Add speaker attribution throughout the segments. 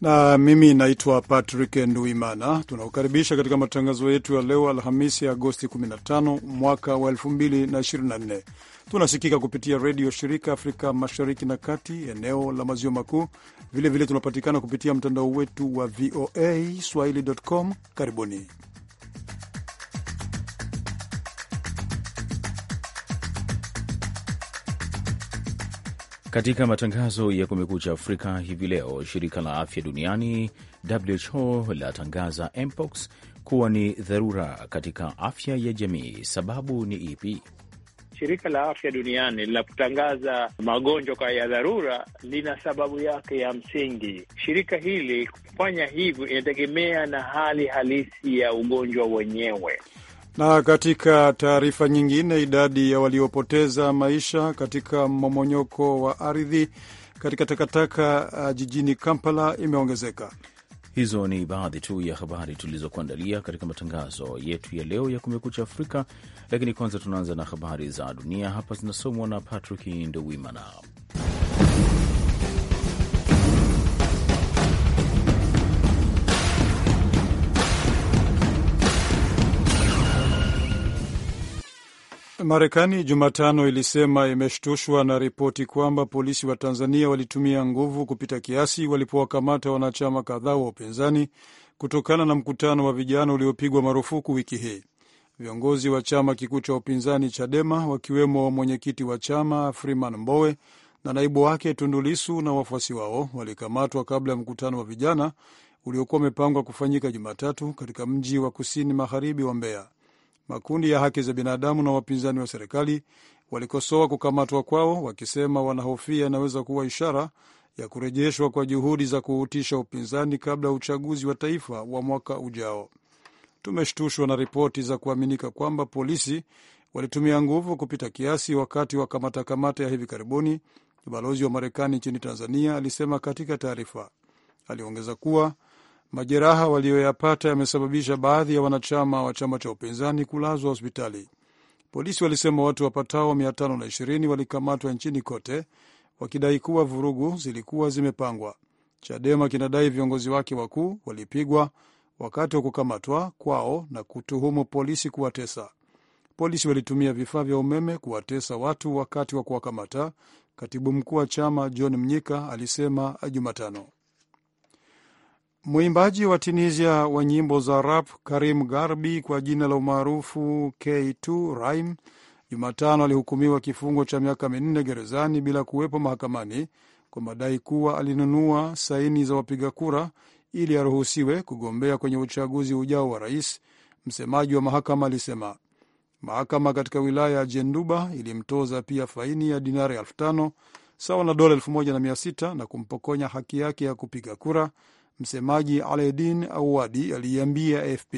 Speaker 1: na mimi naitwa Patrick Nduimana. Tunakukaribisha katika matangazo yetu ya leo Alhamisi, Agosti 15 mwaka wa 2024. Tunasikika kupitia redio shirika Afrika mashariki na kati, eneo la maziwa makuu. Vilevile tunapatikana kupitia mtandao wetu wa VOA swahili.com. Karibuni.
Speaker 2: Katika matangazo ya Kumekucha Afrika hivi leo, shirika la afya duniani WHO latangaza mpox kuwa ni dharura katika afya ya jamii. Sababu ni ipi?
Speaker 3: Shirika la afya duniani la kutangaza magonjwa kwa ya dharura lina sababu yake ya msingi. Shirika hili kufanya hivyo inategemea na hali halisi ya ugonjwa wenyewe.
Speaker 1: Na katika taarifa nyingine, idadi ya waliopoteza maisha katika mmomonyoko wa ardhi katika takataka uh, jijini Kampala imeongezeka.
Speaker 2: Hizo ni baadhi tu ya habari tulizokuandalia katika matangazo yetu ya leo ya Kumekucha Afrika, lakini kwanza tunaanza na habari za dunia. Hapa zinasomwa na Patrick Ndowimana.
Speaker 1: Marekani Jumatano ilisema imeshtushwa na ripoti kwamba polisi wa Tanzania walitumia nguvu kupita kiasi walipowakamata wanachama kadhaa wa upinzani kutokana na mkutano wa vijana uliopigwa marufuku wiki hii. Viongozi wa chama kikuu cha upinzani Chadema, wakiwemo mwenyekiti wa chama Freeman Mbowe na naibu wake tundulisu na wafuasi wao walikamatwa kabla ya mkutano wa vijana uliokuwa umepangwa kufanyika Jumatatu katika mji wa kusini magharibi wa Mbeya. Makundi ya haki za binadamu na wapinzani wa serikali walikosoa kukamatwa kwao, wakisema wanahofia inaweza kuwa ishara ya kurejeshwa kwa juhudi za kuhutisha upinzani kabla ya uchaguzi wa taifa wa mwaka ujao. Tumeshtushwa na ripoti za kuaminika kwamba polisi walitumia nguvu kupita kiasi wakati wa kamata kamata ya hivi karibuni, balozi wa Marekani nchini Tanzania alisema katika taarifa. Aliongeza kuwa Majeraha waliyoyapata yamesababisha baadhi ya wanachama wa chama cha upinzani kulazwa hospitali. Polisi walisema watu wapatao 520 walikamatwa nchini kote wakidai kuwa vurugu zilikuwa zimepangwa. Chadema kinadai viongozi wake wakuu walipigwa wakati wa kukamatwa kwao na kutuhumu polisi kuwatesa. Polisi walitumia vifaa vya umeme kuwatesa watu wakati wa kuwakamata, katibu mkuu wa chama John Mnyika alisema Jumatano. Mwimbaji wa Tunisia wa nyimbo za rap Karim Garbi kwa jina la umaarufu K2 Rim Jumatano alihukumiwa kifungo cha miaka minne gerezani bila kuwepo mahakamani kwa madai kuwa alinunua saini za wapiga kura ili aruhusiwe kugombea kwenye uchaguzi ujao wa rais. Msemaji wa mahakama alisema mahakama katika wilaya ya Jenduba ilimtoza pia faini ya dinari elfu tano sawa na dola elfu moja na mia sita na kumpokonya haki yake ya kupiga kura Msemaji Aledin Awadi aliiambia AFP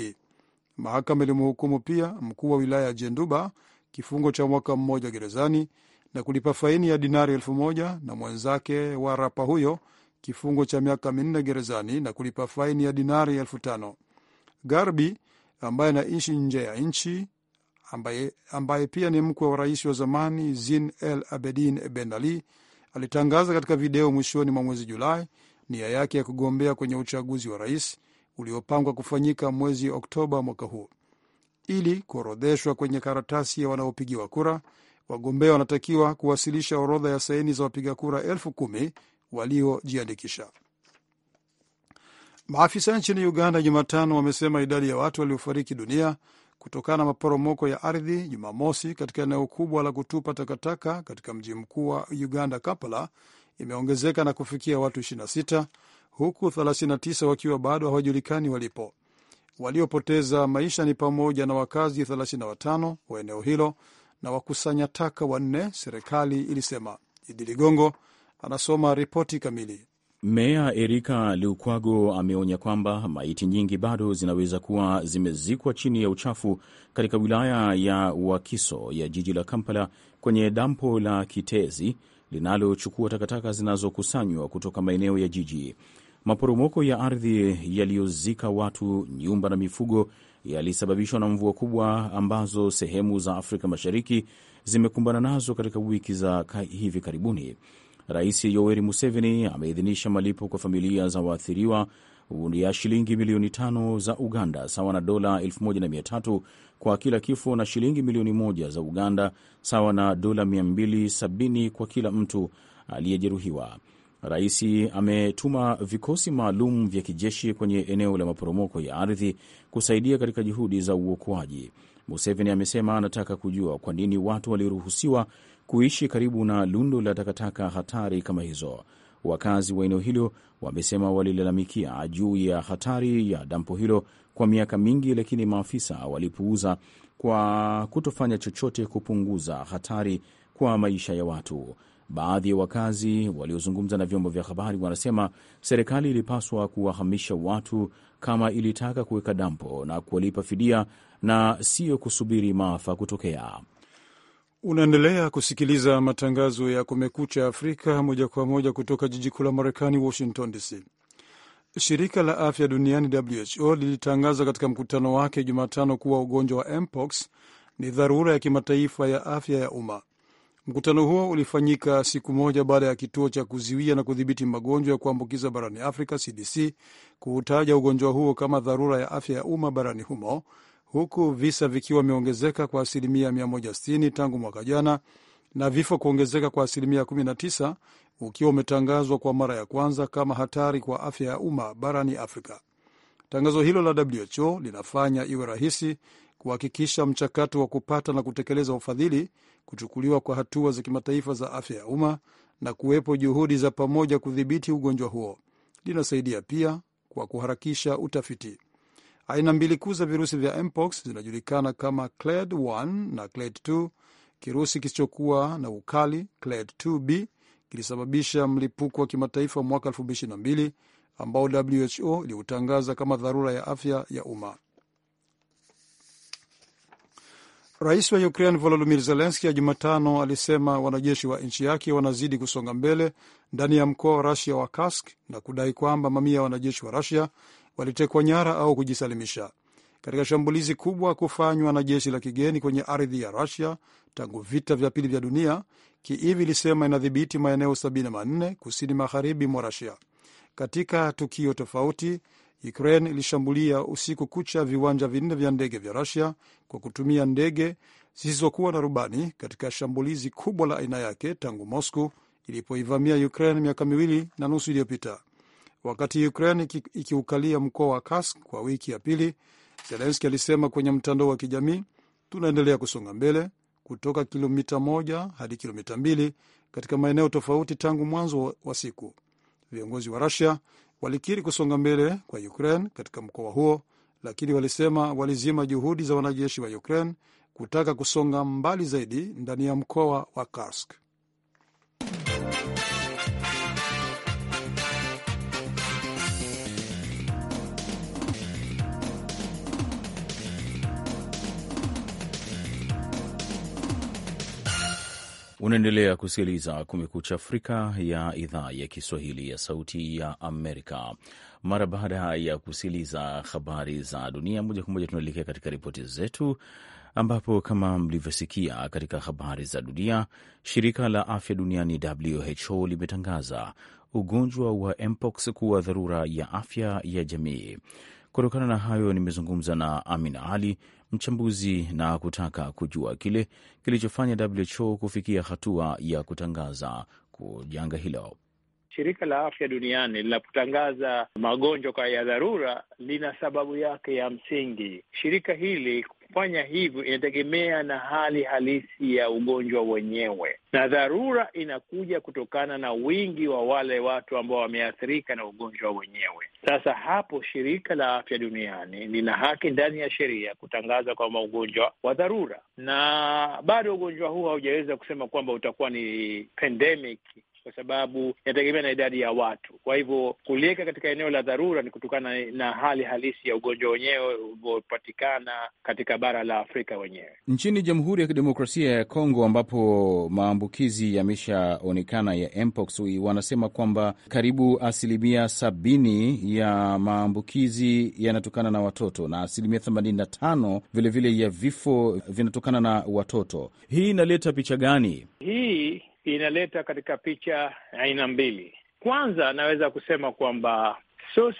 Speaker 1: mahakama ilimhukumu pia mkuu wa wilaya ya Jenduba kifungo cha mwaka mmoja gerezani na kulipa faini ya dinari elfu moja na mwenzake wa rapa huyo kifungo cha miaka minne gerezani na kulipa faini ya dinari elfu tano. Garbi ambaye anaishi nje ya nchi ambaye, ambaye pia ni mkwe wa rais wa zamani Zin El Abedin Ben Ali alitangaza katika video mwishoni mwa mwezi Julai nia yake ya kugombea kwenye uchaguzi wa rais uliopangwa kufanyika mwezi Oktoba mwaka huu. Ili kuorodheshwa kwenye karatasi ya wanaopigiwa kura, wagombea wanatakiwa kuwasilisha orodha ya saini za wapiga kura elfu kumi waliojiandikisha. Maafisa nchini Uganda Jumatano wamesema idadi ya watu waliofariki dunia kutokana na maporomoko ya ardhi Jumamosi katika eneo kubwa la kutupa takataka katika mji mkuu wa Uganda, Kampala, imeongezeka na kufikia watu 26 huku 39 wakiwa bado hawajulikani walipo. Waliopoteza maisha ni pamoja na wakazi 35 wa eneo hilo na wakusanya taka wanne, serikali ilisema. Idi Ligongo anasoma ripoti kamili.
Speaker 2: Meya Erika Lukwago ameonya kwamba maiti nyingi bado zinaweza kuwa zimezikwa chini ya uchafu katika wilaya ya Wakiso ya jiji la Kampala kwenye dampo la Kitezi linalochukua takataka zinazokusanywa kutoka maeneo ya jiji. Maporomoko ya ardhi yaliyozika watu, nyumba na mifugo yalisababishwa na mvua kubwa ambazo sehemu za Afrika Mashariki zimekumbana nazo katika wiki za hivi karibuni. Rais Yoweri Museveni ameidhinisha malipo kwa familia za waathiriwa ya shilingi milioni tano za Uganda sawa na dola 1300 kwa kila kifo na shilingi milioni moja za Uganda sawa na dola 270 kwa kila mtu aliyejeruhiwa. Rais ametuma vikosi maalum vya kijeshi kwenye eneo la maporomoko ya ardhi kusaidia katika juhudi za uokoaji. Museveni amesema anataka kujua kwa nini watu waliruhusiwa kuishi karibu na lundo la takataka hatari kama hizo. Wakazi wa eneo hilo wamesema walilalamikia juu ya hatari ya dampo hilo kwa miaka mingi, lakini maafisa walipuuza kwa kutofanya chochote kupunguza hatari kwa maisha ya watu. Baadhi ya wakazi waliozungumza na vyombo vya habari wanasema serikali ilipaswa kuwahamisha watu kama ilitaka kuweka dampo na kuwalipa fidia na siyo kusubiri maafa kutokea.
Speaker 1: Unaendelea kusikiliza matangazo ya Kumekucha Afrika moja kwa moja kutoka jiji kuu la Marekani, Washington DC. Shirika la afya duniani WHO lilitangaza katika mkutano wake Jumatano kuwa ugonjwa wa mpox ni dharura ya kimataifa ya afya ya umma. Mkutano huo ulifanyika siku moja baada ya kituo cha kuzuia na kudhibiti magonjwa ya kuambukiza barani Afrika, CDC, kuutaja ugonjwa huo kama dharura ya afya ya umma barani humo huku visa vikiwa vimeongezeka kwa asilimia 160 tangu mwaka jana na vifo kuongezeka kwa asilimia 19, ukiwa umetangazwa kwa mara ya kwanza kama hatari kwa afya ya umma barani Afrika. Tangazo hilo la WHO linafanya iwe rahisi kuhakikisha mchakato wa kupata na kutekeleza ufadhili, kuchukuliwa kwa hatua za kimataifa za afya ya umma na kuwepo juhudi za pamoja kudhibiti ugonjwa huo. Linasaidia pia kwa kuharakisha utafiti. Aina mbili kuu za virusi vya mpox zinajulikana kama clade 1 na clade 2. Kirusi kisichokuwa na ukali clade 2b kilisababisha mlipuko wa kimataifa mwaka 2022 ambao WHO iliutangaza kama dharura ya afya ya umma. Rais wa Ukraine volodimir Zelenski ya Jumatano alisema wanajeshi wa nchi yake wanazidi kusonga mbele ndani ya mkoa wa Rusia wa kask na kudai kwamba mamia ya wanajeshi wa Rusia walitekwa nyara au kujisalimisha katika shambulizi kubwa kufanywa na jeshi la kigeni kwenye ardhi ya Rusia tangu vita vya pili vya dunia. Kiev ilisema inadhibiti maeneo 74 kusini magharibi mwa Rusia. Katika tukio tofauti, Ukraine ilishambulia usiku kucha viwanja vinne vya ndege vya Rusia kwa kutumia ndege zisizokuwa na rubani katika shambulizi kubwa la aina yake tangu Moscow ilipoivamia Ukraine miaka miwili na nusu iliyopita wakati Ukraine ikiukalia mkoa wa Kursk kwa wiki ya pili. Zelenski alisema kwenye mtandao wa kijamii, tunaendelea kusonga mbele kutoka kilomita moja hadi kilomita mbili katika maeneo tofauti tangu mwanzo wa siku. Viongozi wa Rusia walikiri kusonga mbele kwa Ukraine katika mkoa huo, lakini walisema walizima juhudi za wanajeshi wa Ukraine kutaka kusonga mbali zaidi ndani ya mkoa wa Kursk.
Speaker 2: Unaendelea kusikiliza Kumekucha Afrika ya idhaa ya Kiswahili ya Sauti ya Amerika. Mara baada ya kusikiliza habari za dunia moja kwa moja, tunaelekea katika ripoti zetu, ambapo kama mlivyosikia katika habari za dunia, shirika la afya duniani WHO limetangaza ugonjwa wa mpox kuwa dharura ya afya ya jamii. Kutokana na hayo, nimezungumza na Amina Ali, mchambuzi, na kutaka kujua kile kilichofanya WHO kufikia hatua ya kutangaza janga
Speaker 3: hilo. Shirika la Afya Duniani linapotangaza magonjwa kwa ya dharura lina sababu yake ya msingi. Shirika hili kufanya hivyo inategemea na hali halisi ya ugonjwa wenyewe, na dharura inakuja kutokana na wingi wa wale watu ambao wameathirika na ugonjwa wenyewe. Sasa hapo shirika la afya duniani lina haki ndani ya sheria kutangaza kwamba ugonjwa wa dharura, na bado ugonjwa huu haujaweza kusema kwamba utakuwa ni pandemic kwa sababu inategemea na idadi ya watu. Kwa hivyo kuliweka katika eneo la dharura ni kutokana na, na hali halisi ya ugonjwa wenyewe ulivyopatikana katika bara la Afrika wenyewe.
Speaker 2: Nchini Jamhuri ya Kidemokrasia ya Kongo ambapo maambukizi yameshaonekana ya mpox, wanasema kwamba karibu asilimia sabini ya maambukizi yanatokana na watoto na asilimia themanini na tano vilevile ya vifo vinatokana na watoto. Hii inaleta picha gani
Speaker 3: hii? inaleta katika picha aina mbili. Kwanza naweza kusema kwamba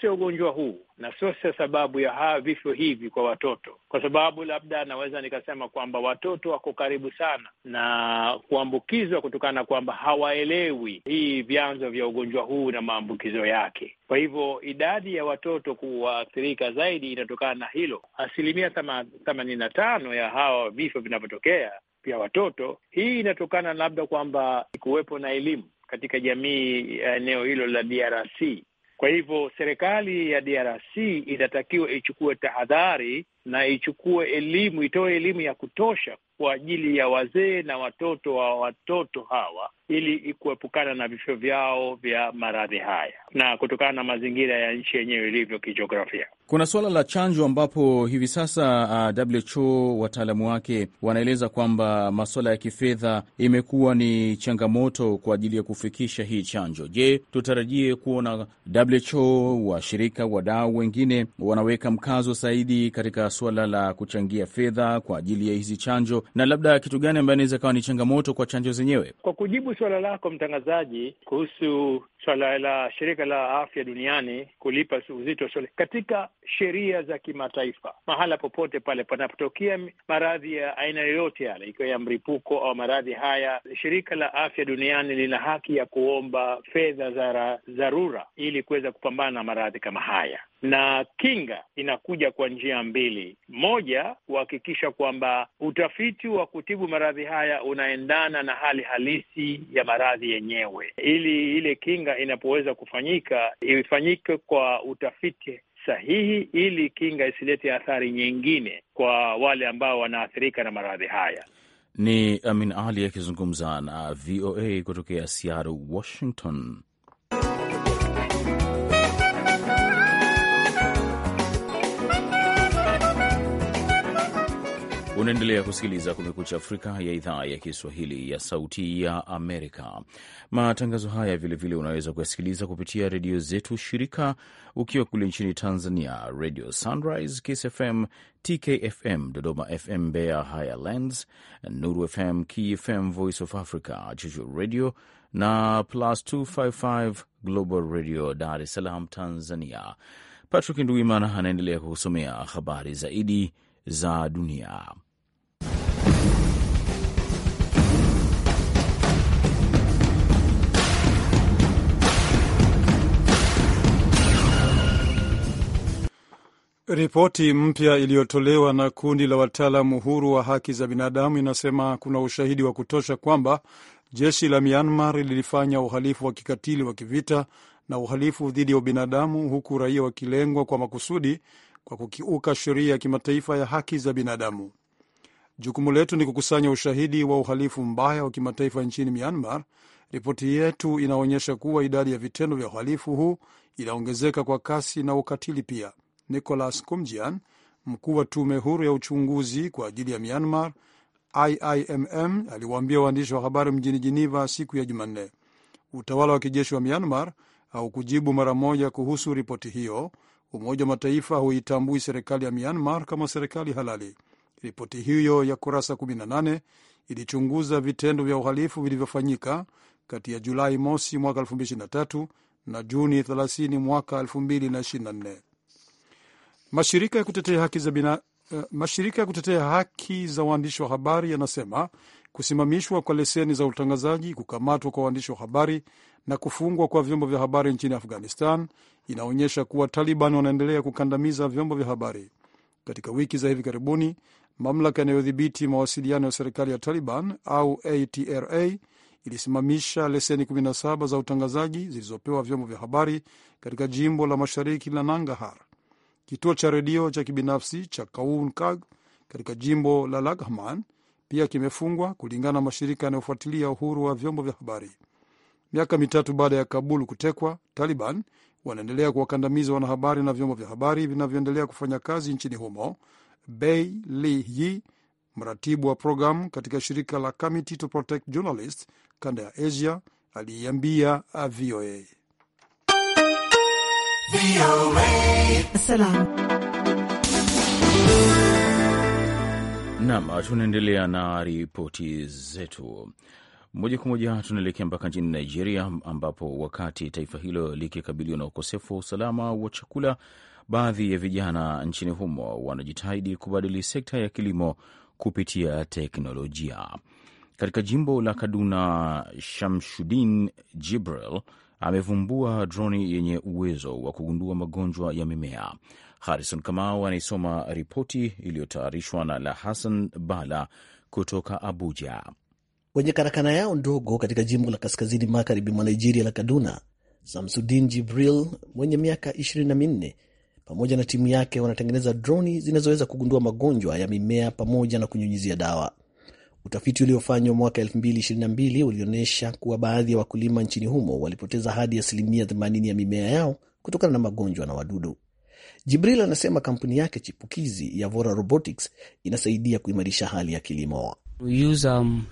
Speaker 3: sio ugonjwa huu na sio sababu ya haa vifo hivi kwa watoto, kwa sababu labda naweza nikasema kwamba watoto wako karibu sana na kuambukizwa kutokana kwamba hawaelewi hii vyanzo vya ugonjwa huu na maambukizo yake. Kwa hivyo idadi ya watoto kuwaathirika zaidi inatokana na hilo. Asilimia themanini na tano ya hawa vifo vinavyotokea pia watoto. Hii inatokana labda kwamba kuwepo na elimu katika jamii ya eneo hilo la DRC. Kwa hivyo serikali ya DRC inatakiwa ichukue tahadhari na ichukue elimu, itoe elimu ya kutosha kwa ajili ya wazee na watoto wa watoto hawa ili kuepukana na vifo vyao vya maradhi haya na kutokana na mazingira ya nchi yenyewe ilivyo kijiografia.
Speaker 2: Kuna suala la chanjo ambapo hivi sasa uh, WHO wataalamu wake wanaeleza kwamba masuala ya kifedha imekuwa ni changamoto kwa ajili ya kufikisha hii chanjo. Je, tutarajie kuona WHO, washirika, wadau wengine wanaweka mkazo zaidi katika suala la kuchangia fedha kwa ajili ya hizi chanjo, na labda kitu gani ambayo inaweza kawa ni changamoto kwa chanjo zenyewe?
Speaker 3: Kwa kujibu suala lako mtangazaji, kuhusu swala la shirika la afya duniani kulipa uzito swala katika sheria za kimataifa. Mahala popote pale panapotokea maradhi ya aina yoyote yale, ikiwa ya mripuko au maradhi haya, shirika la afya duniani lina haki ya kuomba fedha za dharura ili kuweza kupambana na maradhi kama haya, na kinga inakuja kwa njia mbili. Moja, kuhakikisha kwamba utafiti wa kutibu maradhi haya unaendana na hali halisi ya maradhi yenyewe, ili ile kinga na inapoweza kufanyika ifanyike kwa utafiti sahihi ili kinga isilete athari nyingine kwa wale ambao wanaathirika na maradhi haya.
Speaker 2: Ni Amin Ali akizungumza na VOA kutokea Seattle, Washington. Unaendelea kusikiliza Kumekucha Afrika ya idhaa ya Kiswahili ya Sauti ya Amerika. Matangazo haya vilevile unaweza kuyasikiliza kupitia redio zetu shirika, ukiwa kule nchini Tanzania, Radio Sunrise, KSFM, TKFM, Dodoma FM, Mbeya Highlands, Nuru FM, KFM, Voice of Africa, Chuchu Radio na Plus 255 Global Radio, Dar es Salaam, Tanzania. Patrick Nduimana anaendelea kukusomea habari zaidi za dunia.
Speaker 1: Ripoti mpya iliyotolewa na kundi la wataalamu huru wa haki za binadamu inasema kuna ushahidi wa kutosha kwamba jeshi la Myanmar lilifanya uhalifu wa kikatili wa kivita na uhalifu dhidi ya ubinadamu, huku raia wakilengwa kwa makusudi kwa kukiuka sheria ya kimataifa ya haki za binadamu. Jukumu letu ni kukusanya ushahidi wa uhalifu mbaya wa kimataifa nchini Myanmar. Ripoti yetu inaonyesha kuwa idadi ya vitendo vya uhalifu huu inaongezeka kwa kasi na ukatili pia. Nicholas Koumjian, mkuu wa tume huru ya uchunguzi kwa ajili ya Myanmar, IIMM, aliwaambia waandishi wa habari mjini Jiniva siku ya Jumanne. Utawala wa kijeshi wa Myanmar haukujibu mara moja kuhusu ripoti hiyo. Umoja wa Mataifa huitambui serikali ya Myanmar kama serikali halali. Ripoti hiyo ya kurasa 18 ilichunguza vitendo vya uhalifu vilivyofanyika kati ya Julai mosi mwaka 2023 na Juni 30 mwaka 2024. Mashirika ya kutetea haki za bina, uh, mashirika ya kutetea haki za waandishi wa habari yanasema kusimamishwa kwa leseni za utangazaji, kukamatwa kwa waandishi wa habari na kufungwa kwa vyombo vya habari nchini Afghanistan inaonyesha kuwa Taliban wanaendelea kukandamiza vyombo vya habari. Katika wiki za hivi karibuni, mamlaka inayodhibiti mawasiliano ya serikali ya Taliban au ATRA ilisimamisha leseni 17 za utangazaji zilizopewa vyombo vya habari katika jimbo la mashariki la nangahar Kituo cha redio cha kibinafsi cha kaunkag katika jimbo la Laghman pia kimefungwa kulingana na mashirika yanayofuatilia uhuru wa vyombo vya habari. Miaka mitatu baada ya Kabul kutekwa, Taliban wanaendelea kuwakandamiza wanahabari na vyombo vya habari vinavyoendelea kufanya kazi nchini humo. Bei Li Yi, mratibu wa programu katika shirika la Committee to Protect Journalists kanda ya Asia, aliiambia VOA.
Speaker 2: Nam, tunaendelea na ripoti zetu. Moja kwa moja tunaelekea mpaka nchini Nigeria, ambapo wakati taifa hilo likikabiliwa na ukosefu wa usalama wa chakula, baadhi ya vijana nchini humo wanajitahidi kubadili sekta ya kilimo kupitia teknolojia. Katika jimbo la Kaduna, Shamshudin Jibril amevumbua droni yenye uwezo wa kugundua magonjwa ya mimea. Harrison Kamau anaisoma ripoti iliyotayarishwa na la Hassan Bala kutoka
Speaker 4: Abuja. Kwenye karakana yao ndogo katika jimbo la kaskazini magharibi mwa Nigeria la Kaduna, Samsudin Jibril mwenye miaka 24 pamoja na timu yake wanatengeneza droni zinazoweza kugundua magonjwa ya mimea pamoja na kunyunyizia dawa. Utafiti uliofanywa mwaka 2022 ulionyesha kuwa baadhi ya wakulima nchini humo walipoteza hadi asilimia 80 ya mimea yao kutokana na magonjwa na wadudu. Jibril anasema kampuni yake chipukizi ya Vora Robotics inasaidia kuimarisha hali ya kilimo.
Speaker 5: Um,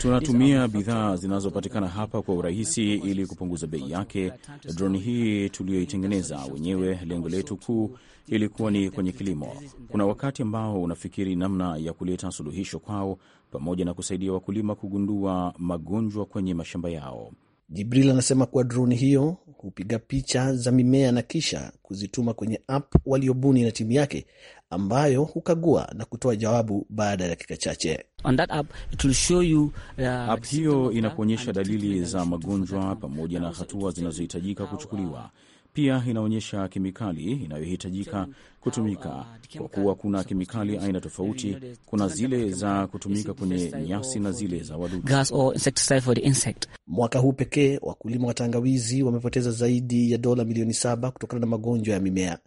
Speaker 5: tunatumia
Speaker 2: bidhaa zinazopatikana hapa kwa urahisi ili kupunguza bei yake. Droni hii tuliyoitengeneza wenyewe, lengo letu kuu ilikuwa ni kwenye kilimo. Kuna wakati ambao unafikiri namna ya kuleta suluhisho kwao, pamoja na kusaidia wakulima kugundua
Speaker 4: magonjwa kwenye mashamba yao. Jibril anasema kuwa droni hiyo hupiga picha za mimea na kisha kuzituma kwenye app waliobuni na timu yake ambayo hukagua na kutoa jawabu baada ya dakika chache.
Speaker 5: Uh, app
Speaker 2: hiyo inakuonyesha dalili za magonjwa pamoja na hatua zinazohitajika kuchukuliwa. Pia inaonyesha kemikali inayohitajika uh, kutumika, kwa kuwa kuna kemikali aina tofauti. Kuna zile za kutumika kwenye nyasi na zile za wadudu.
Speaker 4: Mwaka huu pekee wakulima wa tangawizi wamepoteza zaidi ya dola milioni saba kutokana na magonjwa ya mimea.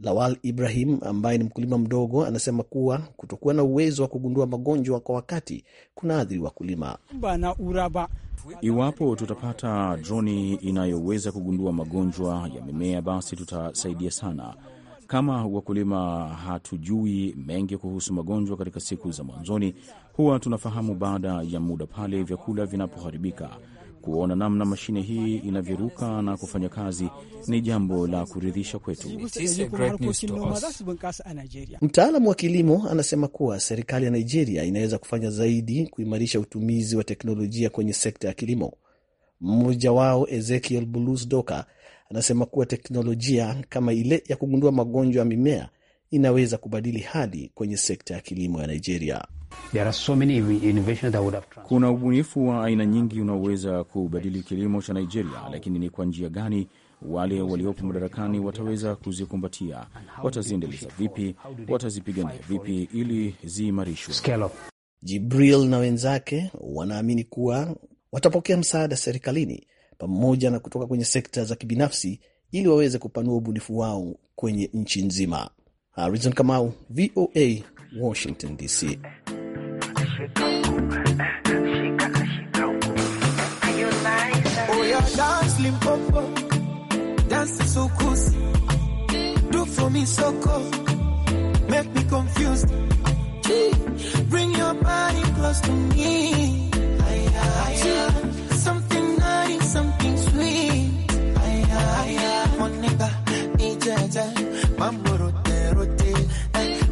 Speaker 4: Lawal Ibrahim ambaye ni mkulima mdogo anasema kuwa kutokuwa na uwezo wa kugundua magonjwa kwa wakati kuna athiri wakulima.
Speaker 2: Iwapo tutapata droni inayoweza kugundua magonjwa ya mimea, basi tutasaidia sana. Kama wakulima hatujui mengi kuhusu magonjwa katika siku za mwanzoni, huwa tunafahamu baada ya muda pale vyakula vinapoharibika. Kuona namna mashine hii inavyoruka na kufanya kazi ni
Speaker 4: jambo la kuridhisha kwetu. Mtaalamu wa kilimo anasema kuwa serikali ya Nigeria inaweza kufanya zaidi kuimarisha utumizi wa teknolojia kwenye sekta ya kilimo. Mmoja wao Ezekiel Bulus Doka anasema kuwa teknolojia kama ile ya kugundua magonjwa ya mimea inaweza kubadili hali kwenye sekta ya kilimo ya Nigeria.
Speaker 3: So kuna
Speaker 4: ubunifu
Speaker 2: wa aina nyingi unaoweza kubadili kilimo cha Nigeria, lakini ni kwa njia gani wale waliopo madarakani wataweza kuzikumbatia? Wataziendeleza vipi? Watazipigania
Speaker 4: vipi ili ziimarishwe? Jibril na wenzake wanaamini kuwa watapokea msaada serikalini pamoja na kutoka kwenye sekta za kibinafsi ili waweze kupanua ubunifu wao kwenye nchi nzima. Harrison Kamau, VOA, Washington DC. Oh
Speaker 3: yeah, dance limpopo, dance so cool. Do for me so cool, make me confused.
Speaker 5: Bring your body close to me. Something naughty, something sweet.
Speaker 4: Moniba, ijeje, mambo rote rote.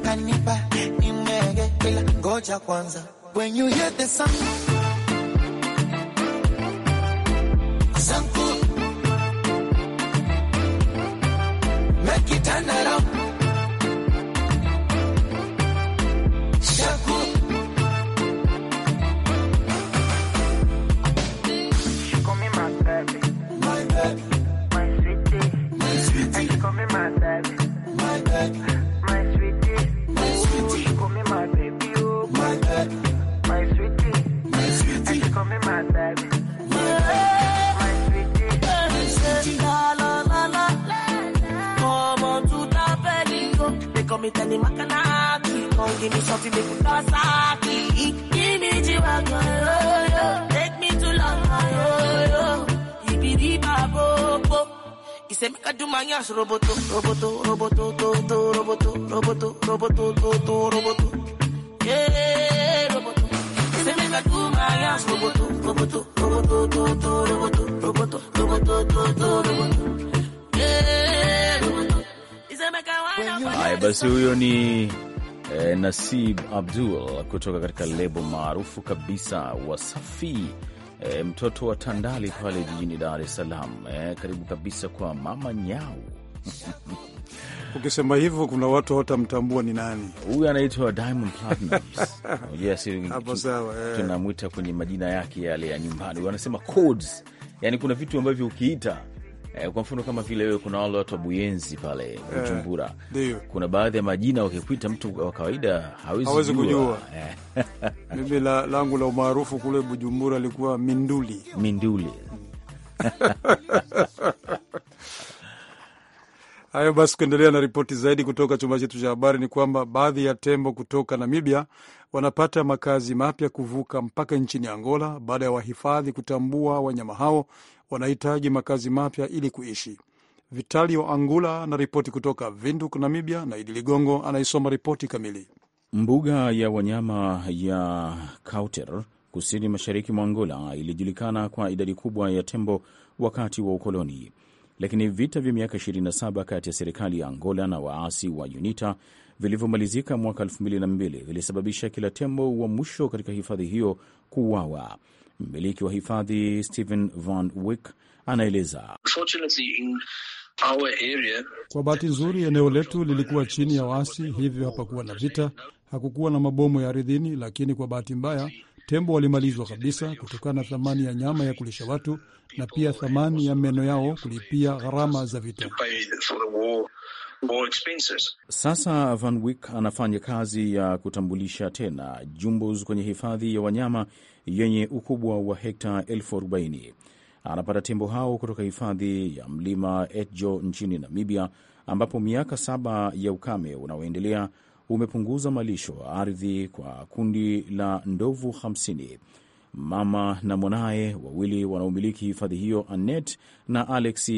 Speaker 4: Kaniba,
Speaker 3: nimege, kila goja kwanza. When you hear this song
Speaker 5: come me tell him I cannot Come give me something, make me cross out Give me the wagon yo, yo Take me to London, yo, yo Ibidi-ba-bo-bo He say make
Speaker 4: I do my ass roboto, roboto, roboto, to, to, roboto, roboto, roboto, to, to, roboto Yeah, roboto He say make I do my ass roboto, roboto, roboto, to, to, roboto, roboto, roboto, to, to, roboto
Speaker 5: Haya basi,
Speaker 2: huyo ni eh, Nasib Abdul kutoka katika lebo maarufu kabisa Wasafi. E, eh, mtoto wa Tandali pale jijini Dar es Salaam. E, karibu kabisa kwa mama
Speaker 1: Nyau. Ukisema hivyo kuna watu hawatamtambua ni nani huyu. Anaitwa Diamond Platnumz. Eh.
Speaker 2: tunamwita kwenye majina yake yale ya nyumbani, wanasema codes. Yani kuna vitu ambavyo ukiita eh, kwa mfano kama vile wewe, kuna wale watu wa Buyenzi pale eh, Bujumbura eh, kuna baadhi ya majina wakikuita mtu wa kawaida
Speaker 1: hawezi, hawezi kujua eh. mimi la, langu la umaarufu kule Bujumbura alikuwa Minduli, Minduli. Hayo basi, kuendelea na ripoti zaidi kutoka chumba chetu cha habari ni kwamba baadhi ya tembo kutoka Namibia wanapata makazi mapya kuvuka mpaka nchini Angola baada ya wahifadhi kutambua wanyama hao wanahitaji makazi mapya ili kuishi. Vitalio Angula anaripoti kutoka vinduk Namibia, na Idi Ligongo anaisoma ripoti kamili.
Speaker 2: Mbuga ya wanyama ya Kauter kusini mashariki mwa Angola ilijulikana kwa idadi kubwa ya tembo wakati wa ukoloni, lakini vita vya miaka 27 kati ya serikali ya Angola na waasi wa UNITA vilivyomalizika mwaka 2002 vilisababisha kila tembo wa mwisho katika hifadhi hiyo kuuawa. Mmiliki wa hifadhi Stephen Van wick anaeleza
Speaker 1: Kwa bahati nzuri, eneo letu lilikuwa chini ya waasi, hivyo hapakuwa na vita, hakukuwa na mabomu ya ardhini, lakini kwa bahati mbaya tembo walimalizwa kabisa kutokana na thamani ya nyama ya kulisha watu na pia thamani ya meno yao kulipia gharama za vita.
Speaker 2: Sasa Van wick anafanya kazi ya kutambulisha tena jumbos kwenye hifadhi ya wanyama yenye ukubwa wa hekta elfu Anapata tembo hao kutoka hifadhi ya mlima Etjo nchini Namibia, ambapo miaka saba ya ukame unaoendelea umepunguza malisho ya ardhi kwa kundi la ndovu 50. Mama na mwanaye wawili wanaomiliki hifadhi hiyo, Annette na Alex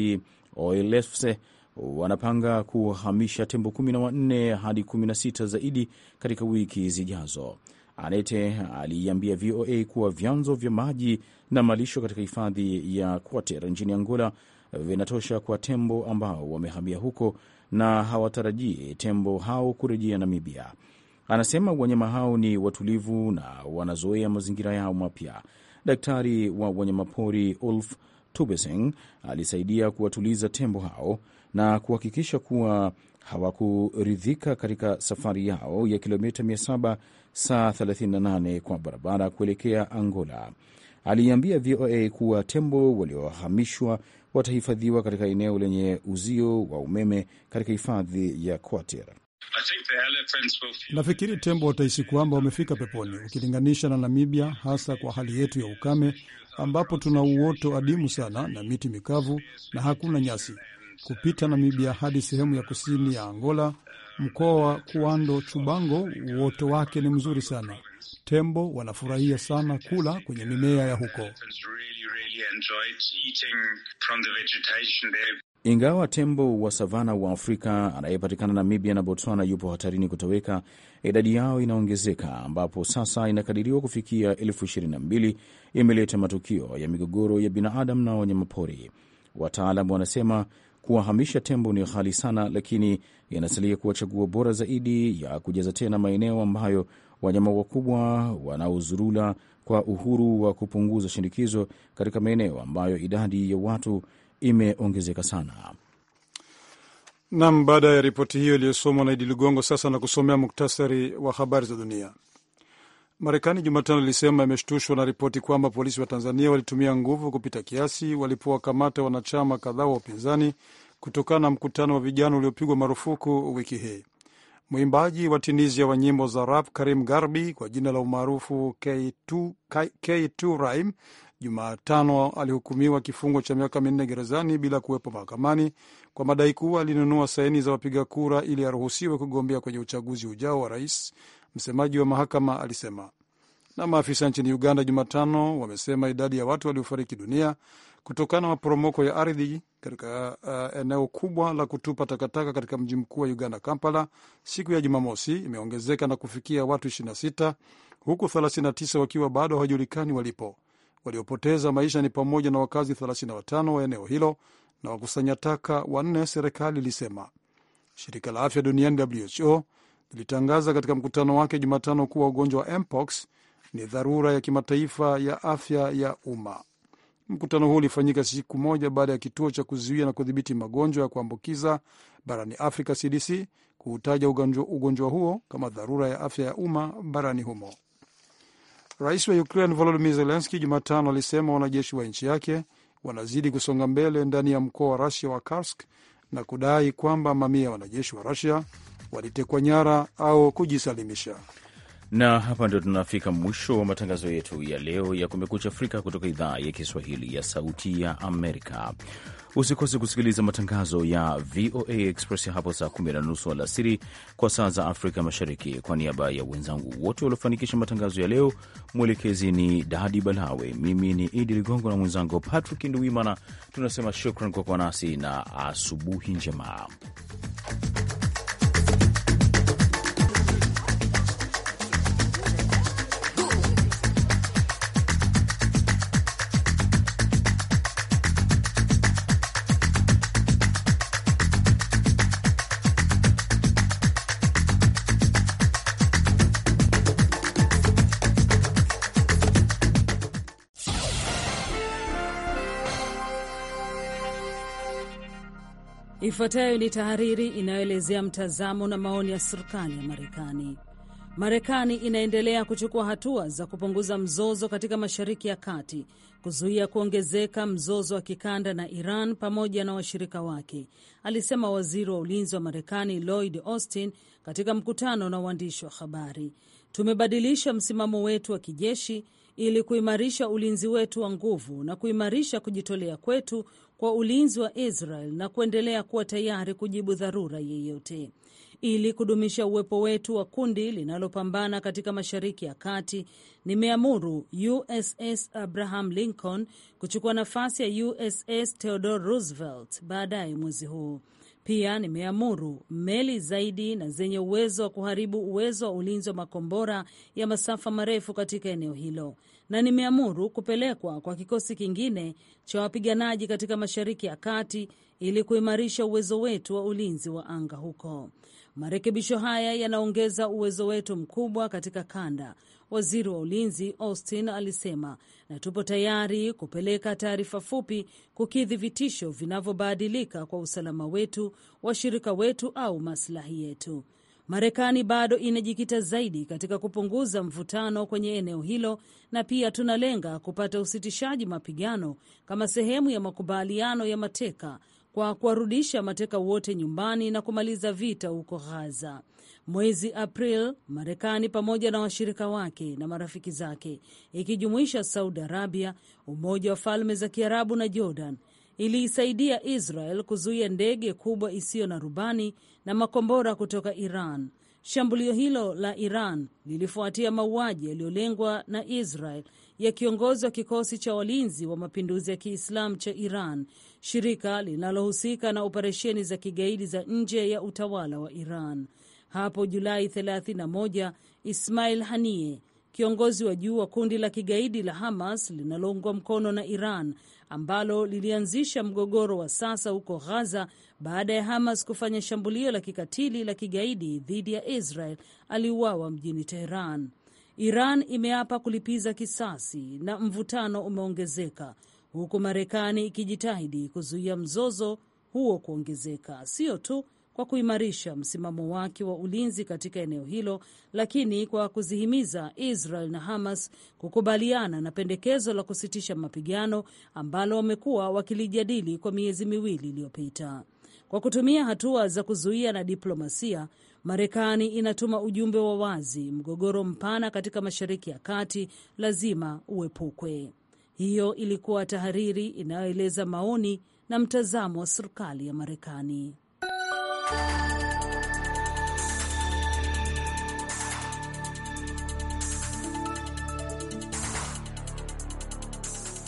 Speaker 2: Oilefse, wanapanga kuhamisha tembo 14 hadi 16 zaidi katika wiki zijazo. Anete aliiambia VOA kuwa vyanzo vya maji na malisho katika hifadhi ya Quater nchini Angola vinatosha kwa tembo ambao wamehamia huko na hawatarajii tembo hao kurejea Namibia. Anasema wanyama hao ni watulivu na wanazoea mazingira yao mapya. Daktari wa wanyamapori Ulf Tubesing alisaidia kuwatuliza tembo hao na kuhakikisha kuwa hawakuridhika katika safari yao ya kilomita 700 saa 38 kwa barabara kuelekea Angola. aliambia VOA kuwa tembo waliohamishwa watahifadhiwa katika eneo lenye uzio wa umeme katika hifadhi ya Kwater.
Speaker 1: Nafikiri tembo wataishi kwamba wamefika peponi, ukilinganisha na Namibia, hasa kwa hali yetu ya ukame ambapo tuna uoto adimu sana na miti mikavu na hakuna nyasi. Kupita Namibia hadi sehemu ya kusini ya Angola Mkoa wa Kuando Chubango uoto wake ni mzuri sana. Tembo wanafurahia sana kula kwenye mimea ya huko. Ingawa
Speaker 2: tembo wa savana wa Afrika anayepatikana Namibia na Botswana yupo hatarini kutoweka, idadi yao inaongezeka ambapo sasa inakadiriwa kufikia elfu ishirini na mbili. Imeleta matukio ya migogoro ya binadamu na wanyamapori. Wataalamu wanasema Kuwahamisha tembo ni ghali sana, lakini yanasalia kuwa chaguo bora zaidi ya kujaza tena maeneo ambayo wanyama wakubwa wanaozurula kwa uhuru wa kupunguza shinikizo katika maeneo ambayo idadi ya watu imeongezeka sana.
Speaker 1: Nam, baada ya ripoti hiyo iliyosomwa na Idi Ligongo, sasa na kusomea muktasari wa habari za dunia. Marekani Jumatano ilisema imeshtushwa na ripoti kwamba polisi wa Tanzania walitumia nguvu kupita kiasi walipowakamata wanachama kadhaa wa upinzani kutokana na mkutano wa vijana uliopigwa marufuku wiki hii. Mwimbaji wa Tunisia wa nyimbo za rap Karim Garbi kwa jina la umaarufu K2, Jumatano alihukumiwa kifungo cha miaka minne gerezani bila kuwepo mahakamani kwa madai kuwa alinunua saini za wapiga kura ili aruhusiwe kugombea kwenye uchaguzi ujao wa rais msemaji wa mahakama alisema. Na maafisa nchini Uganda Jumatano wamesema idadi ya watu waliofariki dunia kutokana na maporomoko ya ardhi katika uh, eneo kubwa la kutupa takataka katika mji mkuu wa Uganda, Kampala, siku ya Jumamosi imeongezeka na kufikia watu 26 huku 39 wakiwa bado hawajulikani walipo. Waliopoteza maisha ni pamoja na wakazi 35 wa eneo hilo na wakusanya taka wanne, serikali ilisema. Shirika la afya duniani WHO ilitangaza katika mkutano wake Jumatano kuwa ugonjwa wa mpox ni dharura ya kimataifa ya afya ya umma. Mkutano huu ulifanyika siku moja baada ya kituo cha kuzuia na kudhibiti magonjwa ya kuambukiza barani Afrika, CDC, kuutaja ugonjwa huo kama dharura ya afya ya umma barani humo. Rais wa Ukraine Volodimir Zelenski Jumatano alisema wanajeshi wa nchi yake wanazidi kusonga mbele ndani ya mkoa wa Rusia wa Kursk na kudai kwamba mamia ya wanajeshi wa Rusia walitekwa nyara au kujisalimisha.
Speaker 2: Na hapa ndio tunafika mwisho wa matangazo yetu ya leo ya Kumekucha Afrika kutoka idhaa ya Kiswahili ya Sauti ya Amerika. Usikose kusikiliza matangazo ya VOA Express hapo saa kumi na nusu alasiri kwa saa za Afrika Mashariki. Kwa niaba ya wenzangu wote waliofanikisha matangazo ya leo, mwelekezi ni Dadi Balawe, mimi ni Idi Ligongo na mwenzangu Patrick Nduwimana, tunasema shukran kwa kuwa nasi na asubuhi njema.
Speaker 5: Ifuatayo ni tahariri inayoelezea mtazamo na maoni ya serikali ya Marekani. Marekani inaendelea kuchukua hatua za kupunguza mzozo katika Mashariki ya Kati, kuzuia kuongezeka mzozo wa kikanda na Iran pamoja na washirika wake, alisema waziri wa ulinzi wa Marekani Lloyd Austin katika mkutano na waandishi wa habari. Tumebadilisha msimamo wetu wa kijeshi ili kuimarisha ulinzi wetu wa nguvu na kuimarisha kujitolea kwetu kwa ulinzi wa Israel na kuendelea kuwa tayari kujibu dharura yeyote ili kudumisha uwepo wetu wa kundi linalopambana katika Mashariki ya Kati, nimeamuru USS Abraham Lincoln kuchukua nafasi ya USS Theodore Roosevelt baadaye mwezi huu. Pia nimeamuru meli zaidi na zenye uwezo wa kuharibu uwezo wa ulinzi wa makombora ya masafa marefu katika eneo hilo na nimeamuru kupelekwa kwa kikosi kingine cha wapiganaji katika Mashariki ya Kati ili kuimarisha uwezo wetu wa ulinzi wa anga huko. Marekebisho haya yanaongeza uwezo wetu mkubwa katika kanda, waziri wa ulinzi Austin alisema, na tupo tayari kupeleka taarifa fupi kukidhi vitisho vinavyobadilika kwa usalama wetu, washirika wetu au maslahi yetu. Marekani bado inajikita zaidi katika kupunguza mvutano kwenye eneo hilo, na pia tunalenga kupata usitishaji mapigano kama sehemu ya makubaliano ya mateka kwa kuwarudisha mateka wote nyumbani na kumaliza vita huko Gaza. Mwezi April, Marekani pamoja na washirika wake na marafiki zake ikijumuisha Saudi Arabia, Umoja wa Falme za Kiarabu na Jordan iliisaidia Israel kuzuia ndege kubwa isiyo na rubani na makombora kutoka Iran. Shambulio hilo la Iran lilifuatia mauaji yaliyolengwa na Israel ya kiongozi wa kikosi cha walinzi wa mapinduzi ya Kiislamu cha Iran, shirika linalohusika na operesheni za kigaidi za nje ya utawala wa Iran. Hapo Julai 31, Ismail Haniyeh, kiongozi wa juu wa kundi la kigaidi la Hamas linaloungwa mkono na Iran, ambalo lilianzisha mgogoro wa sasa huko ghaza baada ya Hamas kufanya shambulio la kikatili la kigaidi dhidi ya Israel aliuawa mjini Teheran. Iran imeapa kulipiza kisasi na mvutano umeongezeka huku Marekani ikijitahidi kuzuia mzozo huo kuongezeka, sio tu kwa kuimarisha msimamo wake wa ulinzi katika eneo hilo, lakini kwa kuzihimiza Israel na Hamas kukubaliana na pendekezo la kusitisha mapigano ambalo wamekuwa wakilijadili kwa miezi miwili iliyopita. Kwa kutumia hatua za kuzuia na diplomasia, Marekani inatuma ujumbe wa wazi: mgogoro mpana katika Mashariki ya Kati lazima uepukwe. Hiyo ilikuwa tahariri inayoeleza maoni na mtazamo wa serikali ya Marekani. Bye.